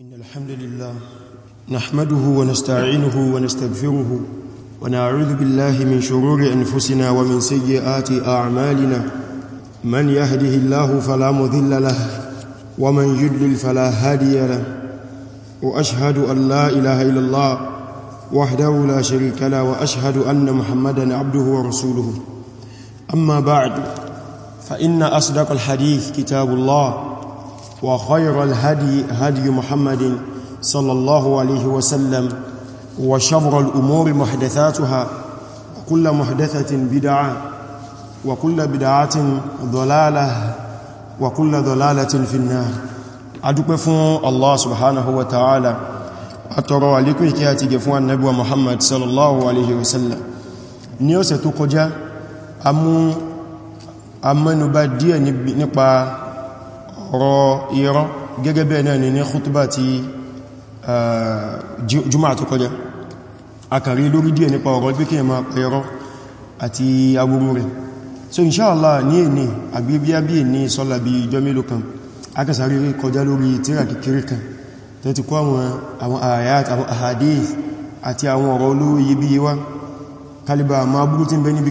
إن الحمد لله نحمده ونستعينه ونستغفره ونعوذ بالله من شرور أنفسنا ومن سيئات أعمالنا من يهده الله فلا مذل له ومن يدلل فلا هادي له وأشهد أن لا إله إلا الله وحده لا شريك له وأشهد أن محمدا عبده ورسوله أما بعد فإن أصدق الحديث كتاب الله وخير الهدي هدي محمد صلى الله عليه وسلم وشر الأمور محدثاتها وكل محدثة بدعة وكل بدعة ضلالة وكل ضلالة في النار أدوك فون الله سبحانه وتعالى أترى عليكم كياتي جفوان نبوة محمد صلى الله عليه وسلم نيوسة تقجى أمو أمنوا بديا نبقى ọ̀rọ̀ irọ́ gẹ́gẹ́ bẹ́ẹ̀ náà ni ní khutbah ti jùmọ́ tó kọjá akàrí lórí díẹ̀ nípa ọ̀rọ̀ pé kí ẹ máa pẹ àti agbúrú rẹ̀ so inṣáàlá ní èní àgbébíábí èní sọ́lá bí ìjọ mélòó kan akẹsàrí kọjá lórí tíra kékeré kan tó ti kó àwọn ayat àwọn ahadith àti àwọn ọ̀rọ̀ olówó yìí bí wá kalibà ma búrú tí ń bẹ níbi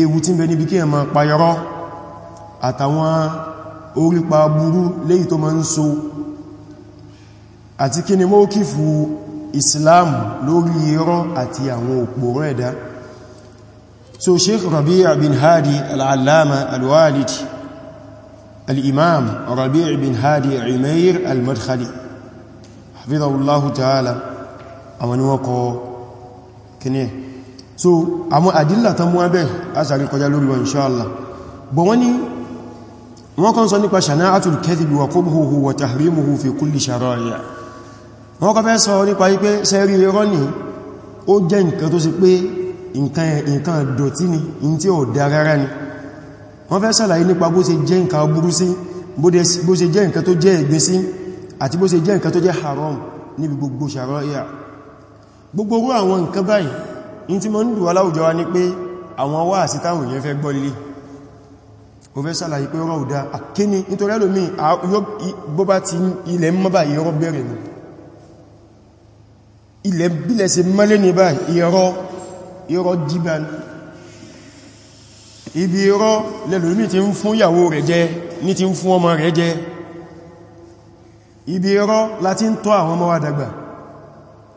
ewu tí ń bẹ níbi kí ẹ máa payọrọ àtàwọn orípa burú léyìí tó máa ń so àti kí ni mọ́ kífù Islam lórí irọ́ àti àwọn òpòrò ẹ̀dá so Sheikh Rabi' bin Hadi al-Allama al-Walid Rabi' bin Hadi Umair al-Madkhali hafidhahullahu ta'ala àwọn ni wọ́n kọ kíní so àwọn àdílà tán mú abẹ́ asàrí kọjá lórí wọn inṣáàlá bọ̀ wọ́n ni wọ́n kan sọ nípa shana'atul kadhibi wa qubhuhu wa tahrimuhu fi kulli shara'i' wọ́n kan fẹ́ sọ nípa wípé sẹ́rí irọ́ ni ó jẹ́ nǹkan tó sì pé nǹkan dọ̀tí ni in tí ó dá rárá ni wọ́n fẹ́ sàlàyé nípa bó ṣe jẹ́ nǹkan burú sí bó ṣe jẹ́ nǹkan tó jẹ́ àti bó ṣe jẹ́ nǹkan tó jẹ́ haram níbi gbogbo shara'i' gbogbo orú àwọn nǹkan báyìí in ti mọ́ ń dùn aláwùjọ wa ní pé àwọn wá àti táwọn èèyàn fẹ́ gbọ́ lílé o fẹ́ sàlàyé pé ọ̀rọ̀ òdá àkíní nítorí ẹlòmí bó bá ti ilẹ̀ mọ́bà ìrọ́ bẹ̀rẹ̀ nù ilẹ̀ bílẹ̀ sí mọ́lé ní bá ìrọ́ ìrọ́ jíbà ibi ìrọ́ lẹ́lòmí ti ń fún ìyàwó rẹ̀ jẹ ní ti ń fún ọmọ rẹ̀ jẹ ibi ìrọ́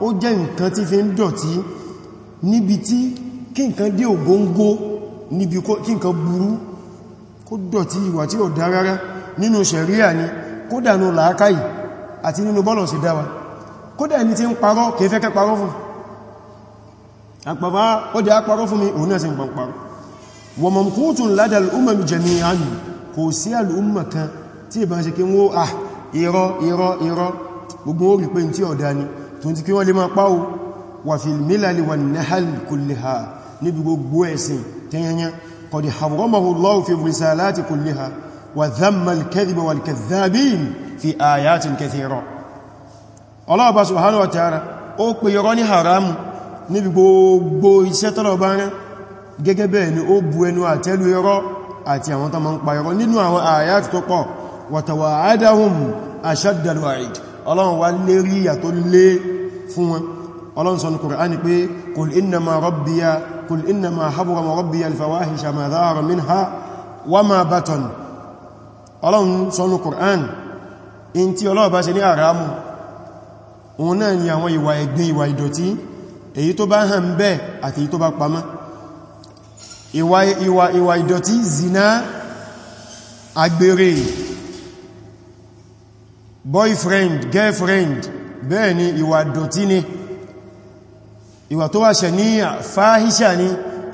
ó jẹ́ nǹkan tí fi ń dọ̀tí níbi tí kí nǹkan dé ògóngó níbi kí nǹkan burú kó dọ̀tí ìwà tí ó dá nínú ṣẹ̀ríà ni kódà nínú làákàyè àti nínú bọ́lọ̀ sí dáwà kódà ẹni tí ń parọ́ kẹfẹ́kẹ́ parọ́ fún àpàbá ó dẹ̀ parọ́ fún mi òun náà sì ń pàpàrọ̀ wa mamqutun lada al-umam jami'an kò sí al'umma kan tí ìbá wó ah irọ́ irọ́ irọ́ gbogbo orí pé tí ọ̀dá ni tó ti kí wọ́n lè máa páwó wà fil milal wan nahal kulliha níbi gbogbo ẹ̀sìn tẹ́yẹnyẹ qad harramahu Allahu fi risalati kulliha wa dhamma al-kadhiba wal-kadhdhabin fi ayatin kathira Allah subhanahu wa ta'ala ó àti àwọn tó ma ń pa irọ́ nínú àwọn àyàtì tó pọ̀ wa tawa'adahum ashaddal wa'id ọlọ́run wá lérí ìyà tó lé fún wọn ọlọ́run sọ ní kùránì pé kùl innama rabbiya kùl innama harrama rabbiya alfawahisha ma dhahara minha wa ma batan ọlọ́run sọ ní kùránì in tí ọlọ́run bá ṣe ní àrámù òun náà ni àwọn boyfriend girlfriend bẹ́ẹ̀ ni ìwà dọ̀tí ni ìwà tó wà ṣẹ̀ ní fáhíṣà ni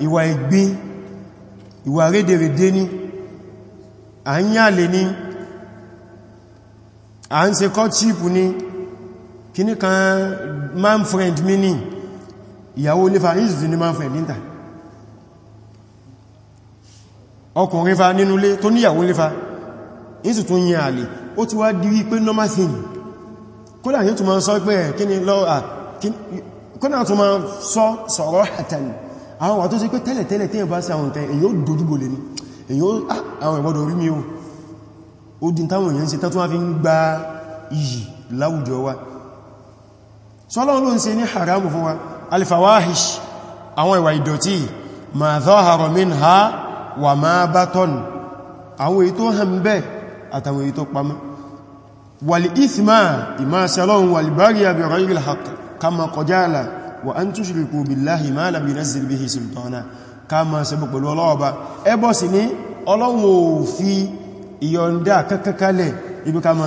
ìwà ẹ̀gbin ìwà rédèrèdé ni à ń yàlè ni à ń ṣe courtship ni kíní kan man friend mi ni ìyàwó onífà ìsìsì ni man friend níta ọkùnrin fa nínú ilé tó níyàwó onífà ìsì tún yàn ó ti wá di wípé normal thing kódà yóò tún máa sọ pé eh, kí ni lọ ah, kódà tún máa sọ sọ̀rọ̀ àtàlì àwọn wà tó sí pé tẹ́lẹ̀tẹ́lẹ̀ tí ẹ̀bá sí àwọn ìtẹ́ èyí ó dojúbò lè ní èyí ó ah, àwọn ìwọ́dọ̀ orí mi ó dín táwọn èèyàn ṣe tátún wá fi ń àtàwọn èyí tó pamọ́ wàlì ìsìmá ìmáṣẹ́lọ́run wàlì bárí àbẹ̀rọ̀ ìrìnlẹ̀ haqq kama kọjáàlá wà án tushriku billahi ma lam yunzil bihi sultana kama sẹ́bọ̀ pẹ̀lú ọlọ́ọ̀bá ẹbọ́ sí ní ọlọ́run ò fi ìyọ̀ndà kankankalẹ̀ ibi kama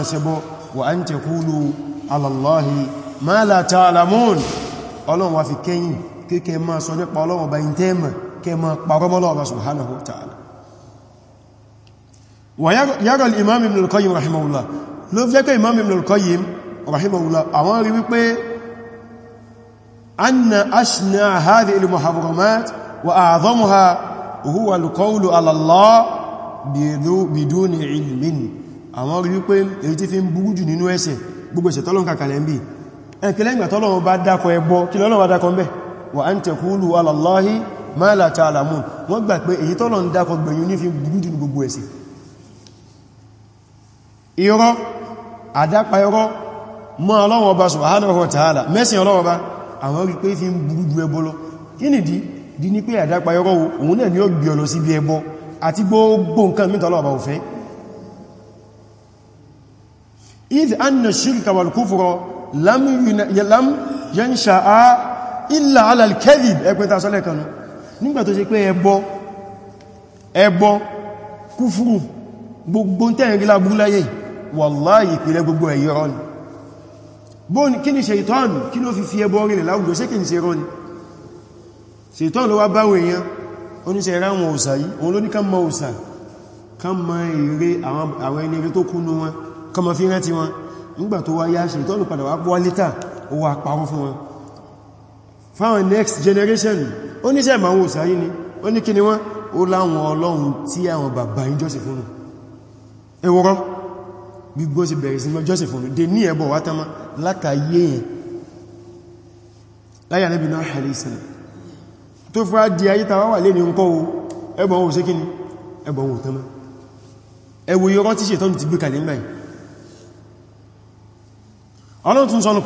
ويرى الإمام ابن القيم رحمه الله لو فيك إمام ابن القيم رحمه الله أمر بيبي أن أشنى هذه المحرمات وأعظمها هو القول على الله بدون علم àwọn orí wípé èyí tí fi ń burú jù nínú ẹ̀ṣẹ̀ gbogbo ẹ̀ṣẹ̀ tọ́lọ́n kàkàlẹ̀ ń bí ẹ̀kẹ́lẹ́ ìgbà tọ́lọ́run bá dákọ ẹbọ kí lọ́lọ́run bá dákọ mẹ́ wa an taqulu irọ́ àdápa irọ́ mọ́ Ọlọ́run Ọba subhanahu wa ta'ala mẹ́sìn Ọlọ́run Ọba àwọn rí pé fi ń burú ju ẹbọ lọ kí nìdí di ní pé àdápa irọ́ òun náà ni ó gbé ọlọ sí bí ẹbọ àti gbogbo nǹkan mítọ̀ Ọlọ́run Ọba ò fẹ́ idh anna shirka wal kufra lam yansha'a illa ala al-kadhib ẹbọ kúfúrù gbogbo tẹ́rin rí lábúrú yìí wàláyì ìpìlẹ̀ gbogbo ẹ̀yẹ rọ́ ni bóòn kí ni ṣeìtọ́n kí ló fi fi ẹbọ rìn láwùjọ ṣe kí ni ṣe rọ́ ni ṣeìtọ́n ló wá báwọn èèyàn oníṣẹ́ ẹ̀rá wọn òsà yìí òun ló ní ká mọ òsà ká mọ èrè àwọn ẹni tó kúnnú wọn generation oníṣẹ́ ìmọ̀ òsà yìí ni ó ní kí ni wọ́n ó láwọn ọlọ́run ẹwọ́rọ́ gbígbó sí bẹ̀rẹ̀ sí jọ́sìn fún dé ní ẹbọ̀ wátánmá látàyé yẹn láyà lẹ́bìn náà hàrí ìsìnà tó fún àdí ayé tàwà wà lè ní ń kọ́ o ẹbọ̀ ohun sí kíni ẹbọ̀ ohun tánmá ẹwò yọrọ tí ṣètọ́nù ti gbé kalẹ̀ mẹ́rin ọlọ́run tún sọ́nù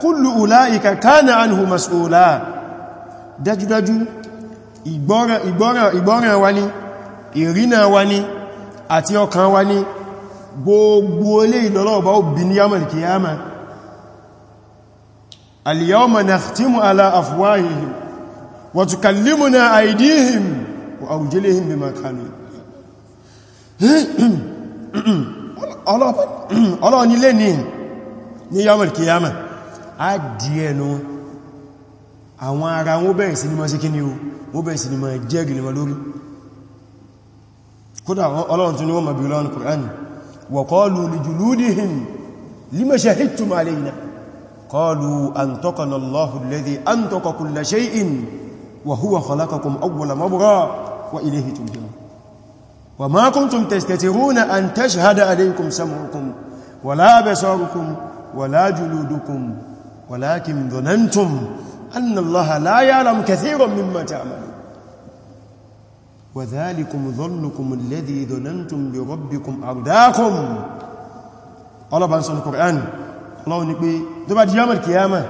kullu ulaika kana anhu mas'ula dájúdájú ìgbọ́ràn ìgbọ́ràn ìgbọ́ràn wa ni ìrìnà wa ni àti ọkàn wa ni gbogbo ilé ìlọ́lọ́ọ̀bá òbí ní yamal kìyàmà al-yawma nakhtimu ala afwahihim wa tukallimuna aydihim wa arjuluhum bima qalu ọlọ́ọ̀ni lè ní ní yamal kìyàmà á dí ẹnu àwọn ara wọn bẹ̀rẹ̀ sí ní máa ṣe kí ni o wọ́n bẹ̀rẹ̀ sí ní máa jẹ́rì lè lórí kódà ọlọ́run tún ní wọ́n mọ̀bí ọlọ́run Qur'an wa qalu li juludihim lima shahidtum alayna qalu antaqana ولكن ظننتم أن الله لا يعلم كثيرا مما تعمل، وذلكم ظنكم الذي ظننتم بربكم أرداكم الله بان القرآن الله نقول دبا ديام الكيامة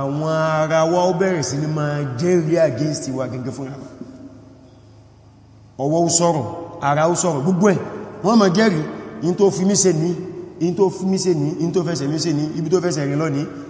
àwọn ara wa ó bẹ̀rẹ̀ sí ní máa jẹ́rí against wa gẹ́gẹ́ fún àwọn ọwọ́ sọ̀rọ̀ ara ó sọ̀rọ̀ gbogbo ẹ̀ wọ́n máa jẹ́rí in tó fi mí ṣe ní in tó fi mí ṣe ní in tó fẹ́sẹ̀ mí ṣe ní ibi tó fẹ́sẹ̀ rìn lọ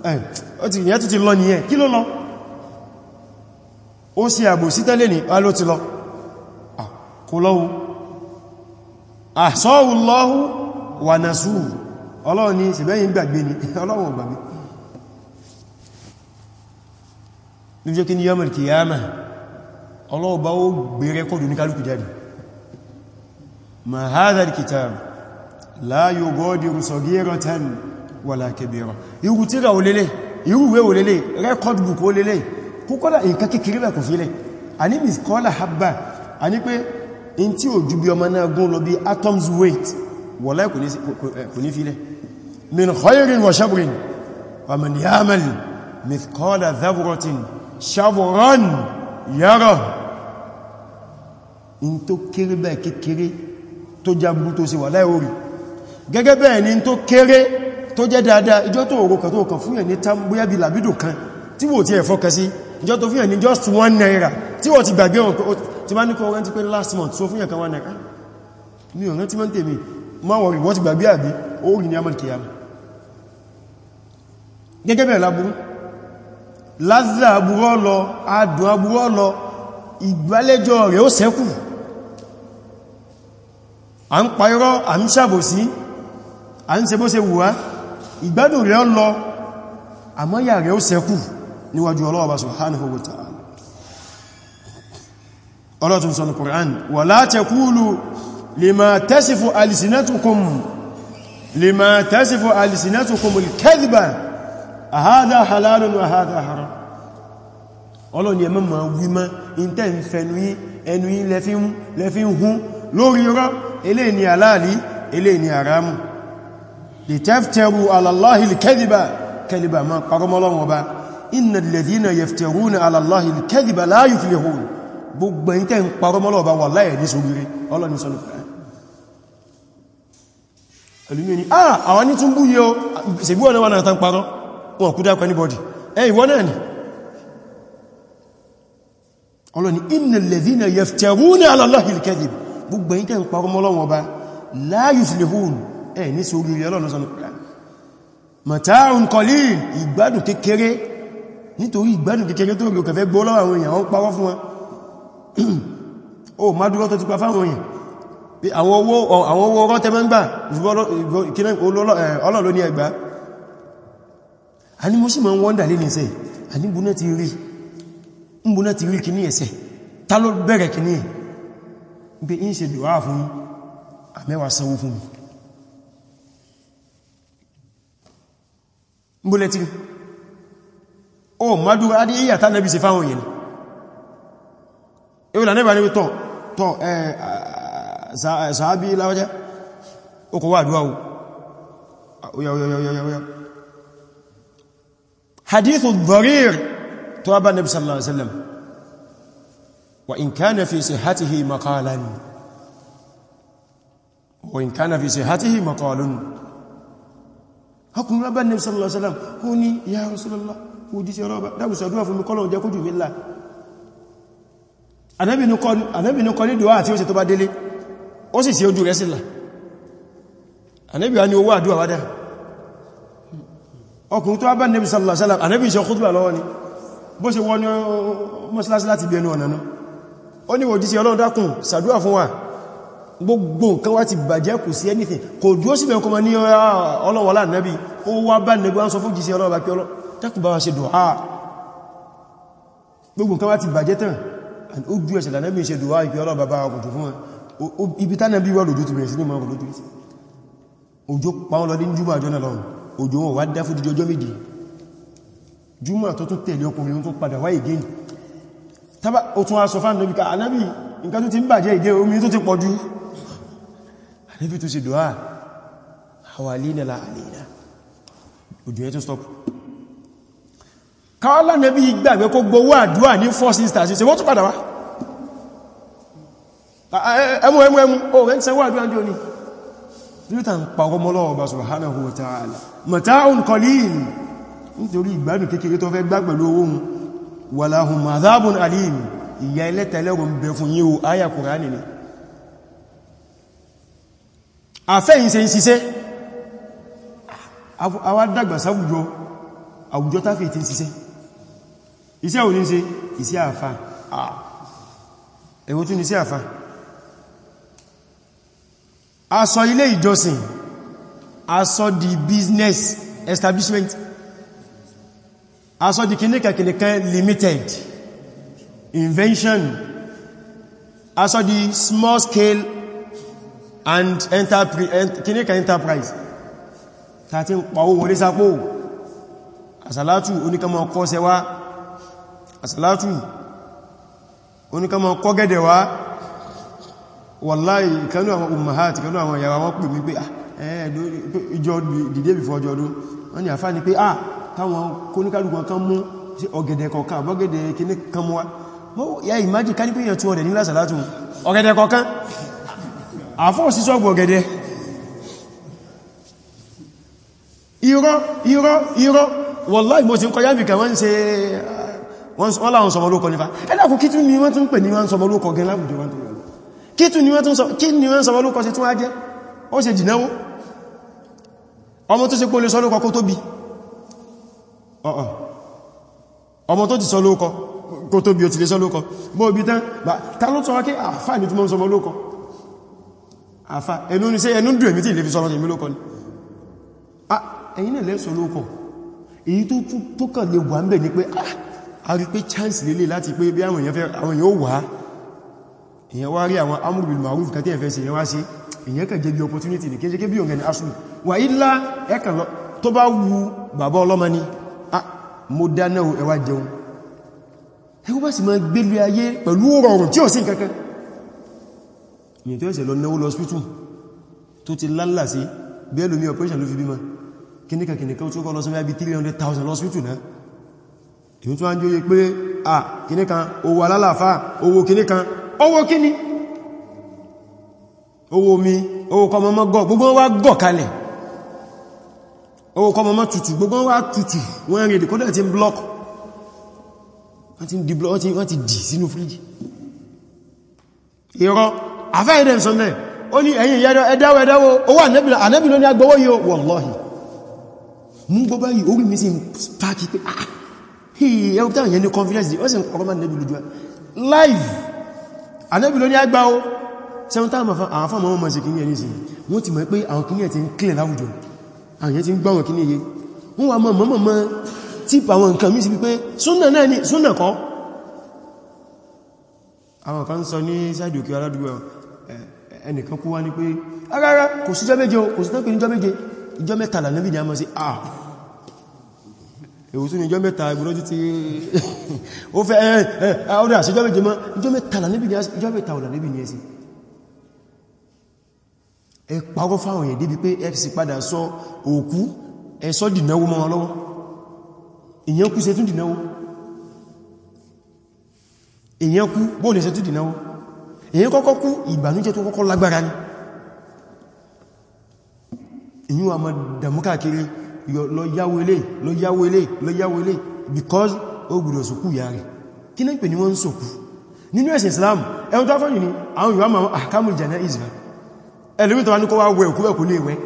ìyẹn tó ti lọ nìyẹn kí ló lọ ó sì àbò sí tẹ́lẹ̀ ní aló ti lọ kò lọ́wọ́ àṣọ́wù lọ́wù wà nà súù ọlọ́run ni ṣìbẹ́yìn gbàgbé ni ọlọ́run gbàgbé ní jẹ́ kí ní yọmọ̀ kìyàmà ọlọ́run bá ó gbé rẹ́kọ̀dù ní kálùkù jáde ma hadha al-kitab la wàlá kẹbìrọ irú tíra olélé irú ìwé olélé record book olélé kúkọ́lá nǹkan kékeré bẹ̀ kò fílẹ̀ a ní miskọ́lá habba a ní pé in tí ò ju bí ọmọ náà gún lọ bí atoms weight wàlá kò ní fílẹ̀ min khairin wa shabrin wa man yamal miskọ́lá dhabrotin shavron yara in tó kéré bẹ̀ kékeré tó jagbú tó sí wà láì gẹ́gẹ́ bẹ́ẹ̀ ni tó kéré tó jẹ́ dáadáa ìjọ tó òrò kan tó kàn fún ẹni tán bóyá bí làbídò kan tí wò tí ẹ fọ́kẹ́ sí ìjọ tó fún ẹni just one naira tí wọ́n ti gbàgbé wọn tí bá ní rántí pé last month so fún ẹ̀kan one naira mi ò rántí mọ́ntẹ̀ mi má wọ̀rí wọ́n ti gbàgbé àbí orí ní amọ̀ kìyàmù gẹ́gẹ́ bẹ̀rẹ̀ láburú lázà aburú ọlọ adùn aburú ọlọ ń pa irọ́ à ń ṣàbòsí à ń ṣe bó ṣe wùwá ìgbádùn rẹ̀ lọ àmọ́yà rẹ̀ ó sẹ́kù níwájú ọlọ́ọ̀bá subhanahu wa ta'ala ọlọ́tún sọ ní Qur'an wala taqulu lima tasifu alsinatukum lima tasifu alsinatukum al-kadhiba ahadha halalun wa ahadha haram ọlọ́ni ẹmọ́ ma lórí rọ́ eléyìí ni aláàlí àrámù لتفتروا على الله الكذب كلبا ما قرم الله وبا إن الذين يفترون على الله الكذب لا يفلحون gbogbo yí tẹ́ ń parọ́ mọ́lọ̀ ọba wà láyẹ̀ ní ṣogbire ọlọ́ni sọ́nà fẹ́ ẹlùmí ni ah àwọn ní tún bú yíó ṣègbú ọ̀nà wọn àtàn parọ́ wọn kú dákọ̀ anybody ẹ ìwọ náà gbogbo yí tẹ́ ń parọ́ mọ́lọ̀ ọba la ẹ̀ ní sí orí ọlọ́run sọ́nà kùrán mata'un qalil ìgbádùn kékeré nítorí ìgbádùn kékeré tó rí òkèfẹ́ gbọ́ lọ́wọ́ àwọn èèyàn wọ́n pawọ́ fún wọn o má dúró tó ti pa fáwọn èèyàn àwọn owó ọrọ̀ tẹ́mọ́ ń gbà ọlọ́lọ́ ní ẹgbà a ní mo sì mọ́ wọ́n dàlé nìsẹ̀ a ní búná ti rí búná ti sanwó fún mi mbúlẹ̀tí o mọ́dú adé yíyà tá nẹ́bí sí fáwọn yìí ìwòlà nẹ́bà ní tọ́ tọ́ ẹ̀ sàábí láwọ́jẹ́ o kò wà àdúwà oyoyoyoyoyoyo hadithu dharir tó wá nẹ́bí sallallahu alaihi wasallam wa ọkùnrin rọ́bà ní sallallahu alaihi wasallam ó ní ya Rasulullah òjíṣẹ́ rọ́bà dábùsàdúwà fún mi kọ́lọ̀ jẹ́ kójú mi ńlá Ànábì ní kọ́ ní dùwà àti ó sì tó bá délé ó sì gbogbo nǹkan wá ti bàjẹ́ kò sí anything kò dúó sí mẹ́kọ́ ní ah, ọlọ́wọ́lá nẹ́bí ó wá bá nẹ́gbẹ́ wọ́n sọ fún jíṣẹ́ ọlọ́wọ́ pẹ́ọ́lọ́ tẹ́kùn bá wá ṣe dùá gbogbo nǹkan wá ti bàjẹ́ tán ó jú ẹ̀ṣẹ̀ lànẹ́bí ṣe dùá ìpẹ́ ọlọ́wọ́ bàbá ọkùn tó fún wọn ibi tá nẹ́bí wà lòdó ti bẹ̀rẹ̀ sí ní mọ́ lòdó sí òjò pa wọn lọdí júmọ̀ àjọ náà lọ́run òjò wọn wá dá fúdíjọ ọjọ́ méjì júmọ̀ tó tún tẹ̀lé ọkùnrin tó padà wá ìgéyìn tábà ó tún ah, nǹkan tó ti ń bàjẹ́ ìgé omi tó ti pọ̀ níbi tó ṣe dùá hawalina la alina òdí ẹ̀ tó stop káwàlá nẹ́bí ìgbàgbé kó gbowó àdúà ní four sisters ṣe wọ́n tó padà wá ẹmú ẹmú ẹmú o rẹ̀ ń sẹ́wọ́ àdúà jọ ní títà ń pa ọmọ lọ́wọ́ bá subhanahu wa ta'ala mata'un qalil nítorí ìgbádùn kékeré tó fẹ́ gbá pẹ̀lú owó walahum adhabun alim ìyà ilẹ́tẹ̀lẹ́rùn bẹ fún yíò áyà Kùránì ni àfẹ́yìn ṣe ń ṣiṣẹ́ àwa dàgbà sáwùjọ àwùjọ táfẹ́ tí ń ṣiṣẹ́ iṣẹ́ ò ní ṣe iṣẹ́ àfà ẹ̀wọ́n tún ní iṣẹ́ àfà aṣọ ilé ìjọsìn aṣọ di business establishment aṣọ di kìníkàkìníkà limited invention aṣọ di small scale and kìníkà enterprise tàti ń pàwó wọlé sápò àsàlátù oníkàmọ̀ kọ́sẹ̀ wá àsàlátù oníkàmọ̀ kọ́gẹ́dẹ̀ wa. wàláì kanú àwọn umahat kanú àwọn yawa wọn pè mí pé ìjọ dìde before ọjọ́ ọdún wọ́n ni àfá ni pé ah táwọn kóníkàlùkọ̀ kan mú ọ̀gẹ̀dẹ̀ kọ̀ọ̀kan àbọ́gẹ̀dẹ̀ kìníkà mú wá yá ìmájì ká ní pé èèyàn 200 nílá sàlátù ọ̀gẹ̀dẹ̀ kọ̀ọ̀kan àfọ́ sí sọ́gbọ̀ gẹ̀dẹ̀ irọ́ irọ́ irọ́ wallahi mo ti ń kọjá mìkan wọ́n se wọ́n láwọn sọmọ olókọ nífà ẹ́dàkù kí tún ni wọ́n tún pè ní wọ́n sọmọ olókọ gẹn láwùjọ wọ́n tún kí tún ni wọ́n sọmọ olókọ sí tún á jẹ́ ó ṣe jìnáwó ọmọ tó ṣe pé olè sọlókọ kó tóbi ọmọ tó ti sọlókọ kó tóbi ò ti lè sọlókọ bó obi tán ta ló tún wá kí àfáà ah, ní tí mọ́ sọmọ olókọ àfá ẹnu ní sí ẹnu dùn èmì tí ilé fi sọ́rọ̀ èmì lókọ ni ah ẹ̀yìn náà lẹ́sọ lókọ èyí tó kàn lè wà ń bẹ̀ ní pé a rí pé chance lélẹ̀ láti pé bí àwọn èèyàn ó wà èèyàn wá rí àwọn amru bil ma'ruf kan tí ẹ̀fẹ́ sí ẹwà sí èèyàn kàn jẹ́ bí opportunity ní kéjẹ́ bí ọ̀gẹ̀ni asùn wà ilá ẹ̀kàn lọ tó bá wu bàbá ọlọ́mọ ni ah mo dáná ẹwà jẹun ẹwà sì máa gbélé ayé pẹ̀lú rọrùn tí ò sí nǹkankan ìyẹn tó ẹ̀sẹ̀ lọ náwó lọ hospital tó ti lálà sí bí ẹlòmí operation ló fi bímọ kíníkà kíníkà ó tí ó kọ́ lọ sí bí 300,000 lọ hospital náà èyí tó wá ń jóye pé à kíníkà owó alálàfà owó kíníkà owó kíní owó mi owó kọmọmọ gọ gbogbo wá gọ kalẹ̀ owó kọmọmọ tutù gbogbo wá tutù wọ́n rèdè kọ́dẹ̀ ti ń block wọ́n ti dì sínú fríjì irọ́ àfẹ́ ìdẹ̀ ìsànlẹ̀ ó ní ẹ̀yìn ìyẹ́dọ̀ ẹdáwó ẹdáwó owó ànẹ́bì ló ní agbówó yíò wallahi mú gbogbo yìí orí mi sí pàkì pé ah ẹwọ́ tàà yẹn ní confidence ó sì ń kọ̀kọ́ live ànẹ́bì ló ní agbá o sẹ́wọ́n táà àwọn fọ́mọ̀ ọmọ sí kìíní ẹni sí wọ́n ti mọ̀ pé àwọn kìíní ẹ̀ clear láwùjọ àwọn yẹn ti ń gbá wọn kìíní yé wọ́n wà mọ̀ mọ̀ mọ̀ típ àwọn nǹkan mí sí wípé ni súnà kọ́ àwọn kan sọ ní sáàdì òkè ẹnìkan kú wá ní pé arára ah, kò sí jọ́méje o kò sí tán pé ní jọ́méje ìjọ́ ah. mẹ́ta lànàbì ní a mọ́ sí àà èwùsù ní ìjọ́ mẹ́ta ìgbòrò títí ó fẹ́ ẹ̀ẹ́ eh, ọdún eh, eh, àṣí jọ́méje mọ́ ìjọ́ mẹ́ta lànàbì ní a sí ẹ pàwọ́ fáwọn èdè bí pé ẹ sì padà sọ òkú ẹ sọ mọ́ wọn èyí kọ́kọ́ kú ìbànújẹ́ tó kọ́kọ́ lágbára ní ìyí wà mọ̀ dàmúkàkiri lọ yáwó ilé lọ yáwó ilé lọ yáwó ilé because ó gbùdọ̀ sókú ìyá rẹ̀ kí ní pè ní wọ́n ń sókú nínú ẹ̀sìn Islam ẹun tó fọ́nì ní àwọn yíwá máa ahkamul janaiz ẹlùmí tó wá ní kó wá wẹ òkú ẹ̀kú lè wẹ́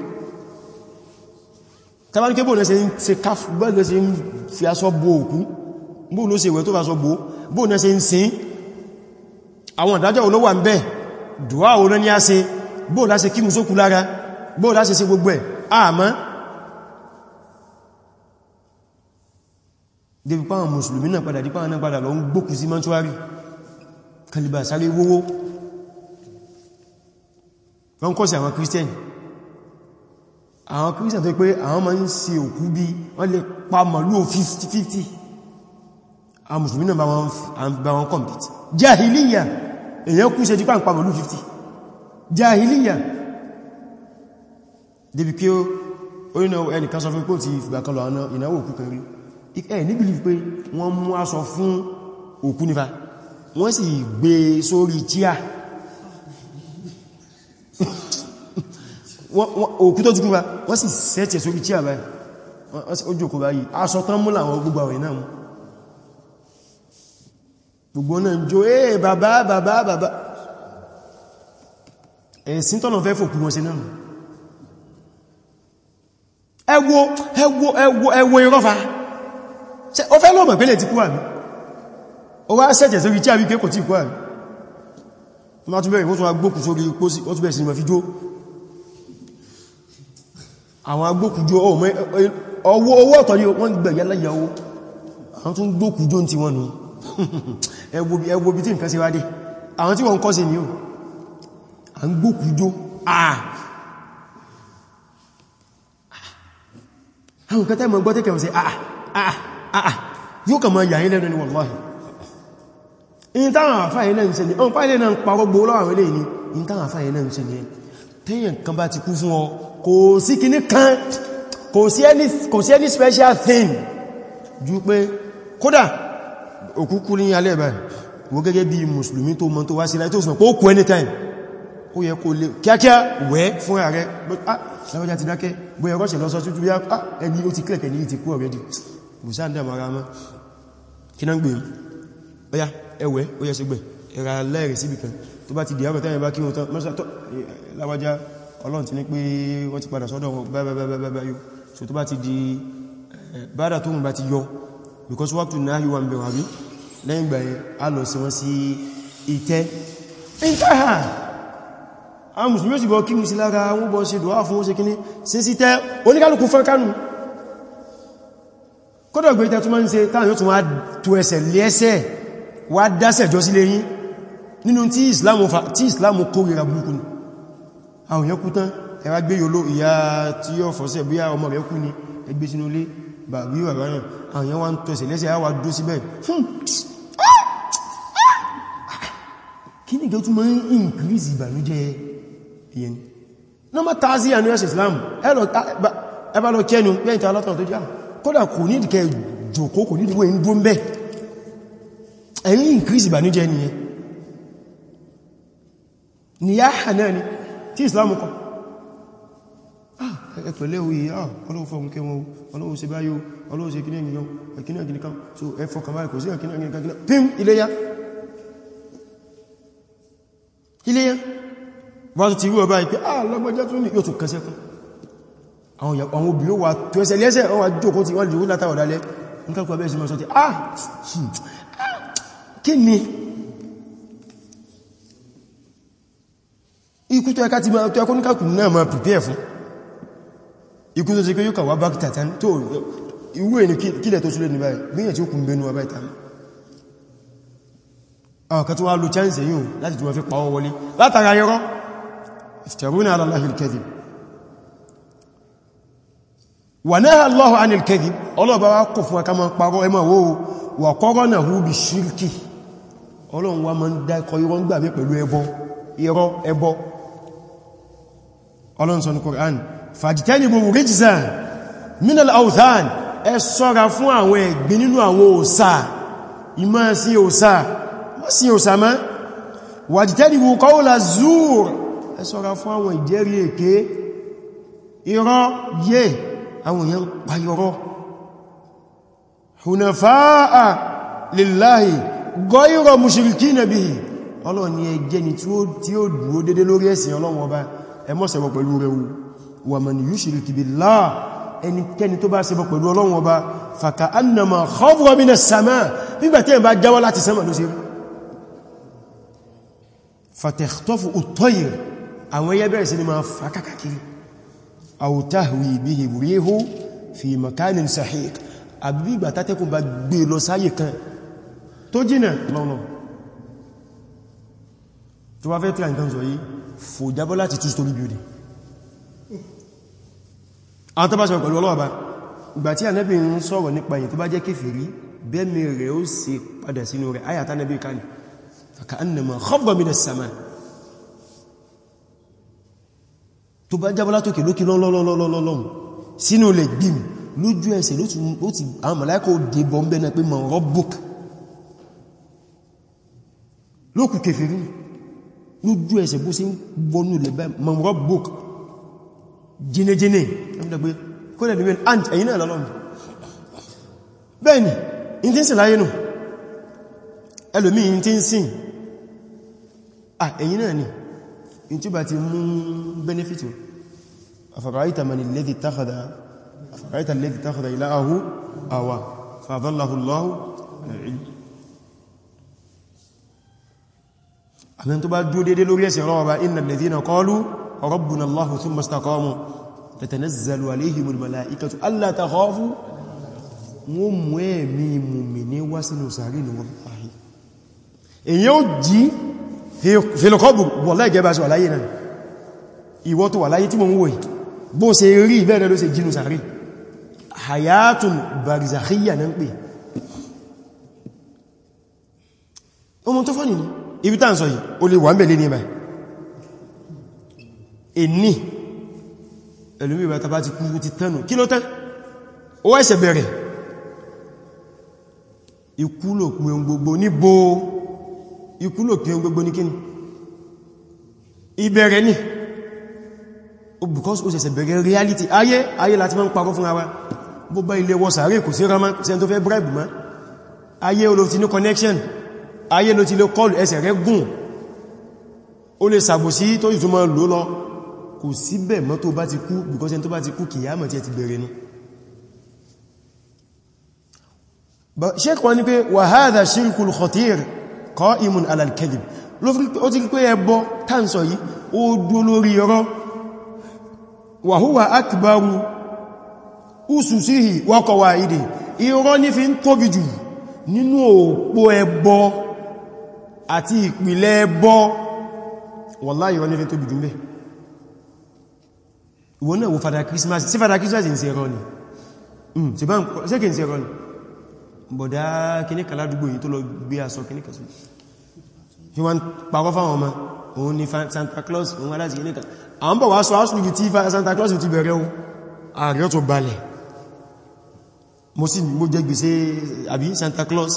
tàbí kébò náà se ń se káf bẹ́ẹ̀ lọ ń fi aṣọ bo òkú bóò ló se wẹ́ tó fa aṣọ bo bóò náà se ń sin àwọn ìdájọ́ olówà ń bẹ́ dùwà oná ní a se, bóò láṣe kí musókú lára bóò láṣe sí gbogbo ẹ̀ àmọ́ débi pàwọn mùsùlùmí náà padà dípàwọn náà padà lọ ń gbókù sí mọ́túwárì kalibà sáré wówó wọ́n kọ́ sí àwọn kírísítẹ́nì àwọn kírísítẹ́nì tó pé àwọn máa ń se òkú bí wọ́n lè pa màlúù 50-50 àwọn mùsùlùmí náà bá wọn kọ̀mpìtì jahiliya èyàn kú ṣe dípà ń pa màlú 50 jahiliya débi pé ó ní ẹnìkan sọ fún pé ó ti fìgbà kan lọ àná ìnáwó òkú kan rí ẹ̀ níbi lè pé wọ́n mú aṣọ fún òkú nífà wọ́n sì gbé e sórí chíà òkú tó ti kú bá wọ́n sì sẹ́ẹ̀tẹ̀ sórí chíà báyìí ó jókòó báyìí aṣọ tán mú làwọn gbogbo àwẹ̀ náà gbogbo náà jó ee bàbá bàbá bàbá ẹ̀sìn tọ́nà fẹ́ fòkú wọn sí náà ẹwọ ẹwọ ẹwọ ẹwọ ìrọ́fà o fẹ́ lọ́mọ̀ pẹ́lẹ̀ ti kú àmì o wá sẹ́jẹ̀ sórí tí a wípé kò tí kú àmì wọ́n má tún bẹ̀rẹ̀ wọ́n tún agbókù sórí pósí wọ́n tún bẹ̀rẹ̀ sí ma fi jó àwọn agbókùjó ọwọ́ ọ̀tọ̀ ni wọ́n gbẹ̀yà láyàwó àwọn tún gbókùjó ti wọ́n nù ẹwọ bí tí nǹkan sí wádé àwọn tí wọ́n kọ́ sí ní o à ń gbókùjó àà àwọn kẹta mọ̀ gbọ́tẹ́ kẹwọ́n sí àà àà àà yóò kà mọ̀ yàáyí lẹ́nu ni wallahi in táwọn àfáà ilẹ̀ ìṣẹ́ ni ọmọ pàílẹ̀ náà ń parọ́ gbó lọ́wọ́ ilé ni in táwọn àfáà ilẹ̀ ìṣẹ́ ni tẹ́yàn kan bá ti kú fún ọ kò sí kinní kan kò sí special thing ju pé kódà òkúkú ní alẹ́ báyìí wo gẹ́gẹ́ bí mùsùlùmí tó mọ́ tó wá sí láì tó sùn pé ó kú anytime ó yẹ kó lè kíákíá wẹ́ fún ààrẹ ah, láwọ́já ti dákẹ́ bóyẹ rọ́ṣẹ̀ lọ́sọ́ tútù bí ah, ẹni ó ti kílẹ̀kẹ̀ ní ti kú already ọlọ́run ti ní pé wọ́n ti padà sọ́dọ̀ bẹ́ẹ̀bẹ́ẹ̀bẹ́ẹ̀bẹ́ yóò so tó bá ti di eh, bádà tó mú bá ti yọ because wọ́pù you yíwa ń bẹ̀rẹ̀ àbí lẹ́yìn gbà a lọ sí wọ́n sí ìtẹ́ ìtàhà a mùsùlùmí òsìbọ̀ kí mùsùlùmí lára wọ́n bọ́ ṣe dùwà fún ṣekíní sí sí tẹ́ oníkálùkù fẹ́ kánù kọ́dọ̀ gbé tẹ́ tó máa ń ṣe táwọn yóò tún wá tó ẹsẹ̀ lẹ́ẹ̀ṣẹ̀ wá dáṣẹ̀ jọ sílé yín nínú tí Islam kórìíra burúkú ni àwọn yẹn kú tán ẹwà gbé yòló ìyá tí yóò fọ́sẹ̀ bí i ọmọ rẹ̀ kú ni ẹgbẹ́ bàbí bàbá yàn àyàn wá ń tọ́sẹ̀ lẹ́sẹ̀ àwà dó síbẹ̀ fún hmm. kí ní gẹ́tù máa ń increase ìbànújẹ́ ìyẹn nọ́mà tààzí àníwẹ̀ṣẹ̀ Islam ẹbá lọ kẹ́nu pẹ́ntà alátọ̀nà tó jẹ́ kódà kò ní ìdíkẹ́ jòkó kò ní ìdíkẹ́ ìdó ń bẹ́ ẹ̀yìn increase ìbànújẹ́ nìyẹn ni yá hànáà ni tí Islam kọ́ ẹ̀pẹ̀lẹ́ òye ah ọlọ́wọ́ fọ́mù kẹ wọn ọlọ́wọ́ ṣe báyó ọlọ́wọ́ ṣe kíní ènìyàn ẹ̀kíní ẹ̀kíní kan so ẹfọ́ kan báyìí kò sí ẹ̀kíní ẹ̀kíní kan pín iléyá iléyá wọ́n tó ti rí ọba ìpé ah lọ́gbọ́já tó ní yóò tún kẹsẹ́ fún àwọn obìnrin wà tó ẹsẹ̀ lẹ́sẹ̀ wọ́n wà jókòó tí wọ́n lè rú látàwọ̀ dálẹ́ nǹkan kọ̀ bẹ́ẹ̀ sí mọ́ sọ ti ah, hmm, ah kí ni ikú tó ẹka ti mọ́ ẹkọ́ níkàkùn náà mọ́ prepare fún ikú tó ti pé yóò kàwà bákítà tán tó ìwé ní kílẹ̀ tó súlé ní báyìí gbíyàn tí ó kùn bẹnu àbáyìí tán àwọn kan tó wá lo chance yíò láti tó wọ́n fi pàwọ́ wọlé látara yọrọ ìfìtàrúnà aláhìl kẹ́dì wà náà aláhù anil kẹ́dì ọlọ́ọ̀bá wá kò fún akámọ́ parọ́ ẹmọ́ wó ọlọ́run sọ ní Kùránì fàjítẹ́nìbò ríjìsàn minal authan ẹ sọ́ra fún àwọn ẹ̀gbin nínú àwọn òsà ìmọ́ sí òsà wọ́n sí òsà mọ́ wàjítẹ́nìbò kọ́ọ̀lá zuur ẹ sọ́ra fún àwọn ìjẹ́rí èké irọ́ yẹ àwọn èèyàn payọrọ hunafa'a lillahi gọ́ìrọ mushiriki nabi ọlọ́ni ẹjẹ́ ni tí ó dúó dédé lórí ẹ̀sìn ọlọ́wọ́ ọba ẹmọ́sẹ̀wọ̀ pẹ̀lú rẹ̀wù wa man yushrik billah ẹnikẹ́ni tó bá ṣe bọ́ pẹ̀lú ọlọ́run ọba fàkà annama khawwa minas sama nígbàtí ẹ̀ bá jáwọ́ láti sánmà ló ṣe fatakhtafu at-tayr àwọn ẹyẹ bẹ̀rẹ̀ sí ni máa fàkàkàkiri story building àwọn tó bá ṣe pẹ̀lú ọlọ́ọ̀bá ìgbà tí ànẹ́bì ń sọ̀rọ̀ nípa èyàn tó bá jẹ́ kéfèrí bẹ́ẹ̀mì rẹ̀ ó sì padà sínú rẹ̀ ayàtà nẹ́bì kan fàkà annama khabba minas sama tó bá jábọ́ látókè lókè lọ́lọ́lọ́lọ́lọ́lọ́m sínú lẹ̀ gbìm lójú ẹsẹ̀ ló ti àwọn màláíkà dé bọ́m̀bẹ̀ náà pé man rabbuk lókù kéfèrí lójú ẹsẹ̀ bó sí wọnú lẹ̀ bẹ́ man rabbuk jínejíne ẹgbẹ̀gbẹ̀ kó lẹ̀ níwẹ̀ and ẹ̀yìn náà lọ́lọ́run bẹ́ẹ̀ni in ti ń sìn láyé nù ẹlòmí in ti ń sìn à ẹ̀yìn náà ni in tí ó bá ti mú benefit afẹ́ráyítà mani lẹ́dì tàkàdà afẹ́ráyítà lẹ́dì tàkàdà iláhù àwà fàdọ́láhùláhù àmì tó bá dúó dédé lórí ẹ̀sìn rọ́wọ́ bá innal ladhina qalu ربنا الله ثم استقاموا تتنزل عليهم الملائكة ألا تخافوا وموامي مؤمني واسنوا سارين والله èyí ó jí fèlòkọ́bù wọ̀lá ìgẹ́bà sí wàláyé náà ìwọ́ tó wàláyé tí mo ń wòye bó ṣe rí bẹ́ẹ̀rẹ̀ ló ṣe jínú sàárì hayatun barizakhiyya náà ń pè ọmọ tó fọ́nì ní ibi tàà ń sọ yìí ó lè wà ń bẹ̀lẹ̀ ní ẹ̀bẹ̀ ẹni ẹlùmí ìbátà bá ti kú ti tánù kí ló tán ó wá ìṣẹ̀ bẹ̀rẹ̀ ikúlòpin gbogbo níbo ikúlòpin gbogbo ní kíni ìbẹ̀rẹ̀ ní because ó ṣẹ̀ṣẹ̀ bẹ̀rẹ̀ reality ayé ayé láti máa ń parọ́ fún ara bó bá ilé wọ́ sàárè kò sí rama sí ẹni tó fẹ́ bribe ma ayé ló ti ní connection ayé ló ti lè call ẹsẹ̀ rẹ̀ gùn ó lè sàbòsí tó ìtumọ̀ lò lọ kò síbẹ̀ mọ́ tó bá ti kú because ẹni tó bá ti kú kìyàmọ̀ tí ẹ ti bẹ̀rẹ̀ ní sheik wọ́n ní pé wa hadha shirkul khatir qa'imun ala al-kadhib ó ti pé ẹbọ tánṣọ yìí ó dúó lórí ọ̀rọ̀ wa huwa akbaru ususihi wa qawaidihi irọ́ ní fi ń tóbi jù nínú òpó ẹbọ àti ìpìlẹ̀ ẹbọ wallahi irọ́ ní fi ń tóbi jù mẹ́ ìwọ náà wo fada Christmas sí fada Christmas ń ṣe ẹ̀rọ ni hmm, ṣe bá ń pọ̀ ṣe kì ń ṣe ẹ̀rọ ni bọ̀dá kìníkà ládùgbò yìí tó lọ gbé aṣọ kìníkà sí fi wọ́n pàwọ́ fáwọn ọmọ òun ni Santa Claus òun aláti kìníkà à ń bọ̀ wá sọ áṣùlùgì tí Santa Claus ti bẹ̀rẹ̀ ohun ààrẹ tó balẹ̀ mo sì mo jẹ gbèsè Santa Claus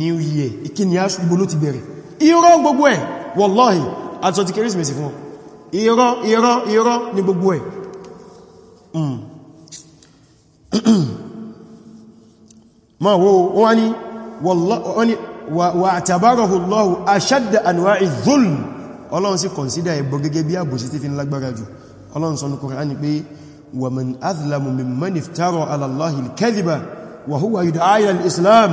New Year ìkíni áṣùgbò ló ti bẹ̀rẹ̀ irọ́ gbogbo ẹ̀ wallahi àtọ́ ti kérésìmesì fún wọn irọ́ irọ́ irọ́ ní gbogbo ẹ̀ hmm. ma wo wọ́n ni wà àtàbárọ̀hù Allahu ashadda anwa'i zulm ọlọ́run sí kọ̀nsídà ẹ̀bọ̀ gẹ́gẹ́ bí àbòsí tí fi ń lágbára jù ọlọ́run sọ ní Kùránì pé wa man azlamu mimman iftara ala Allahi al-kadhiba wa huwa yud'a ila al-islam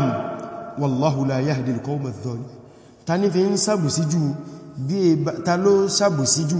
e ta ló sàbòsí jù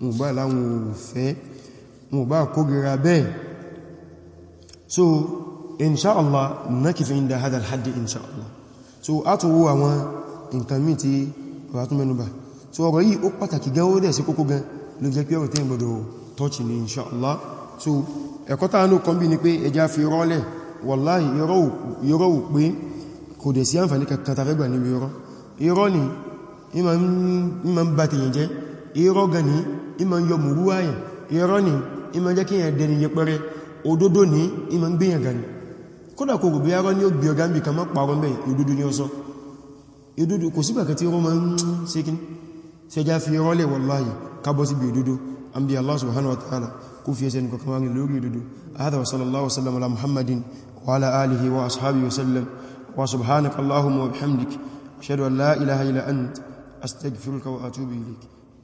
wọn bá láwọn òfẹ́ wọn bá kógera bẹ́ẹ̀ so inṣáàlá nákìfẹ́ inda hadal haddi inṣáàlá so a tún wo àwọn nǹkan mí tí ọ̀rọ̀ tún mẹ́nubà so ọ̀rọ̀ yìí ó pàtàkì gan ó dẹ̀ sí kókó gan ló jẹ́ pé ọ̀rọ̀ tẹ́ so ẹ̀kọ́ tàà ní kan bí ni pé ẹja fi rọ́lẹ̀ wàláhì yọ́rọ̀ ò pé kò dẹ̀ sí àǹfàní kankan tàfẹ́ gbà níbi gan ni ìmọ̀ yọ mùrú àyìn irọ́ ni ìmọ̀ jẹ́ kí yẹn dẹni yẹpẹrẹ òdodo ní ìmọ̀ ń gbéyàn gani kódà kò rùbí arọ́ ní ó gbé ọgá ń bí kàmọ́ pàrọ mẹ́ òdodo ní ọsọ òdodo kò sí bàkàtí irọ́ ma ń síkín sẹjá fi irọ́ lè wallahi kábọ́ sí bí òdodo an bí Allah subhanahu wa ta'ala kó fi ẹsẹ̀